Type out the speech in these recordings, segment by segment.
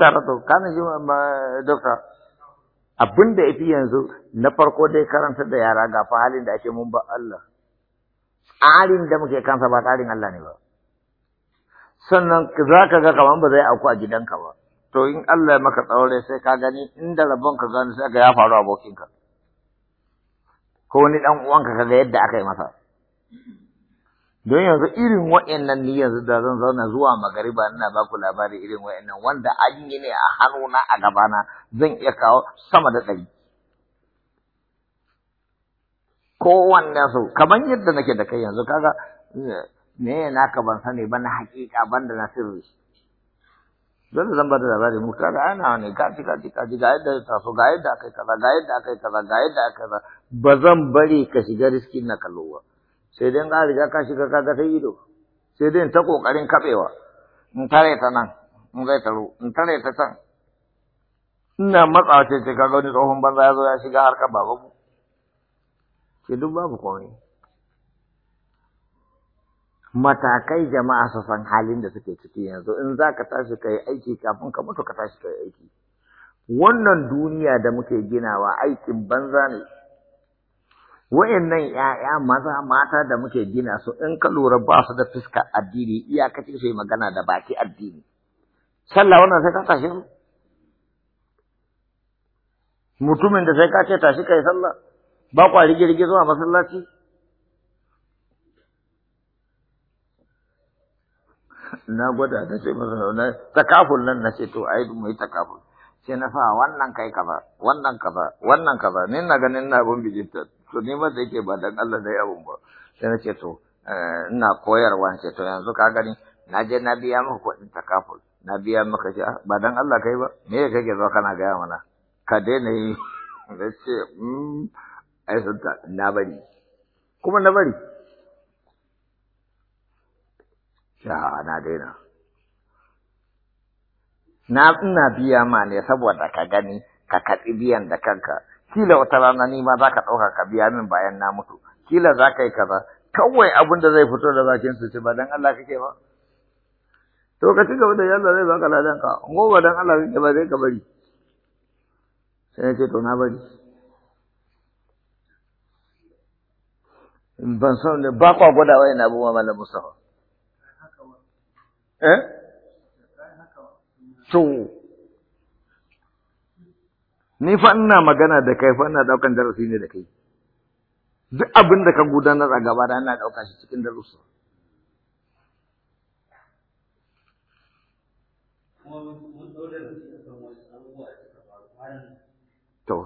karatu kana ji eh, dokta abin da yafi yanzu na farko dai karanta da yara ga fa halin da ake mun ba Allah tsarin da muke kansa ba tsarin Allah ne ba sannan za ka ga kaman ba zai auku a gidanka ba to in Allah ya maka tsaure sai ka gani inda rabon ka gani sai ga ya faru ka ko ni dan uwanka kaga yadda aka yi masa don yanzu irin wa'annan ni yanzu da zan zauna zuwa magariba ina ba ku labari irin wa'annan wanda an yi ne a hannuna a gabana zan iya kawo sama da ɗari kowanne su kamar yadda nake da kai yanzu kaga me naka ban sani ba na hakika ban da na sirri da zan ba da labari mu kaga ana ne kaji kaji kaji ga yadda ta so ga yadda akai kaza ga yadda akai kaza ga yadda akai kaza ba zan bari ka shiga riskin na kallo ba sai dai ka riga ka shiga ka ga ta ido sai dai ta kokarin kabewa in tare ta nan in zai taro in tare ta can ina matsa ce ce kaga wani tsohon banza ya zo ya shiga baba babanmu ke duk babu komai matakai jama'a su san halin da suke ciki yanzu in za ka tashi ka yi aiki kafin ka mutu ka tashi ka yi aiki wannan duniya da muke ginawa aikin banza ne wayannan ƴaƴa maza mata da muke gina su in ka lura ba su da fuskar addini iyakacin su yi magana da baki addini sallah wannan sai ka tashi mutumin da sai ka ce tashi kai sallah ba kwa rige rige zuwa masallaci na gwada da ce masa na takaful nan na ce to ai mu yi takaful sai na fa wannan kai kaza wannan kaza wannan kaza ni na ganin na abun bijinta to ni ma da yake ba dan Allah da abun ba sai na ce to eh, ina koyarwa ce to yanzu ka gani na je na biya maka kuɗin takaful na biya maka ce ah, ba dan Allah kai ba me ya kake zo kana gaya mana ka daina yi na ce mm, ai sun ta na bari kuma na bari ya na daina na ina biya ma ne saboda ka gani ka katsi biyan da kanka kila wata rana ni ma zaka ɗauka ka biya min bayan na mutu kila za ka yi kaza kawai abin da zai fito da bakin su ce ba dan Allah kake ba to ka ci gaba da yalla zai baka ladan ka ko ba dan Allah kake ba zai ka bari sai ya ce to na bari ban san ne ba kwa gwada wa ina abubuwa malam Mustafa eh To, ni fa ina magana da kai fa ina daukan darasi ne da kai. Duk abin da ka gudanar a gaba da ina dauka shi cikin darussa. To,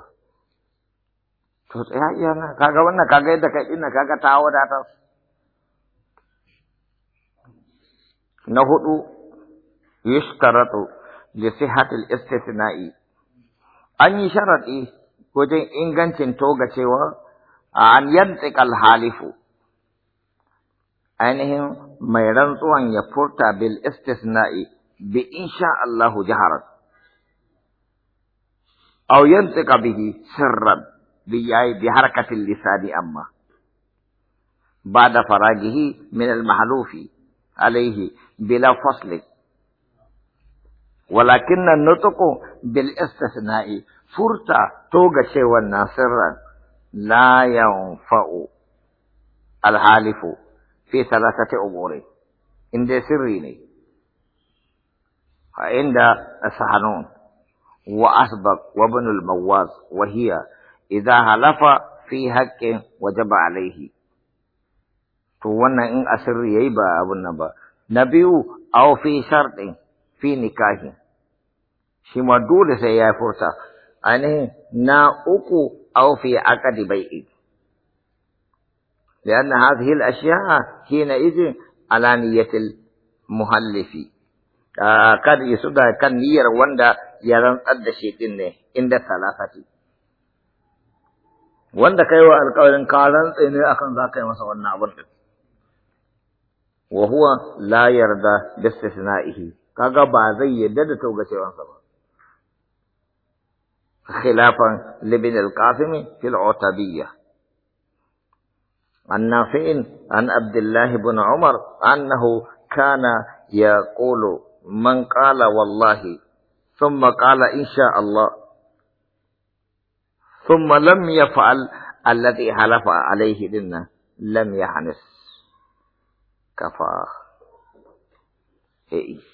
to tsaya iya na kaga wannan kaga yadda kai ina kaga ta hawa wadatar. Na hudu, yushtaratu لصحة الاستثنائي أن شرطي إيه؟ وجه إنغان تنتوغة شوى أن ينطق الحالف أنهم ما يرنطوا أن يفرط بالاستثنائي بإن شاء الله جهرت أو ينطق به سرا بحركة اللسان أما بعد فراغه من المحلوف عليه بلا فصل ولكن النطق بالاستثناء فرتا توغا والناصر لا ينفع الحالف في ثلاثة أمور عند سرين عند السحنون وأسبق وابن المواز وهي إذا حلف في حق وجب عليه to إن أسر يبا أبو ba نبيو أو في شرط في نكاهه Shima dole sai ya furta, a na uku haufi a ƙaddi bai yi. Yannan haza hil ɗaya shi ne izina, ala ni muhallifi fili ah, muhallafi. da kan niyyar wanda ya zan tsar da shi ɗin ne, inda talasa Wanda ka yi wa alƙawarin ka rantsi ne akan za ka yi masa wannan abin? Wuhu la yarda dasa sana'a iska ga ba zai yarda da taugacewarsa ba. خلافا لابن القاسم في العتبية عن نافع عن عبد الله بن عمر أنه كان يقول من قال والله ثم قال إن شاء الله ثم لم يفعل الذي حلف عليه لنا لم يحنس كفاه إيه.